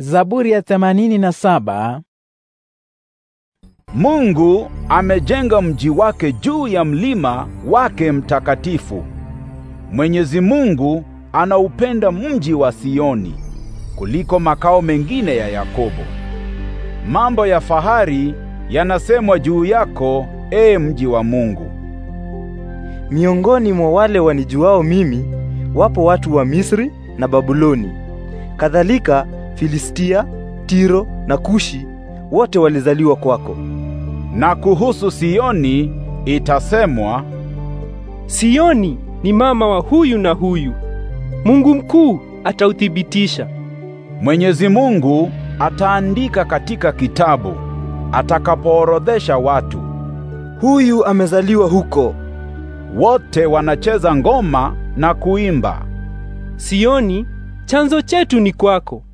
Zaburi ya na saba. Mungu amejenga mji wake juu ya mlima wake mtakatifu. Mwenyezi Mungu anaupenda mji wa Sioni kuliko makao mengine ya Yakobo. Mambo ya fahari yanasemwa juu yako, ee mji wa Mungu. Miongoni mwa wale wanijuao mimi wapo watu wa Misri na Babuloni. Kadhalika Filistia, Tiro na Kushi wote walizaliwa kwako. Na kuhusu Sioni itasemwa, Sioni ni mama wa huyu na huyu. Mungu mkuu atauthibitisha. Mwenyezi Mungu ataandika katika kitabu atakapoorodhesha watu, huyu amezaliwa huko. Wote wanacheza ngoma na kuimba. Sioni, chanzo chetu ni kwako.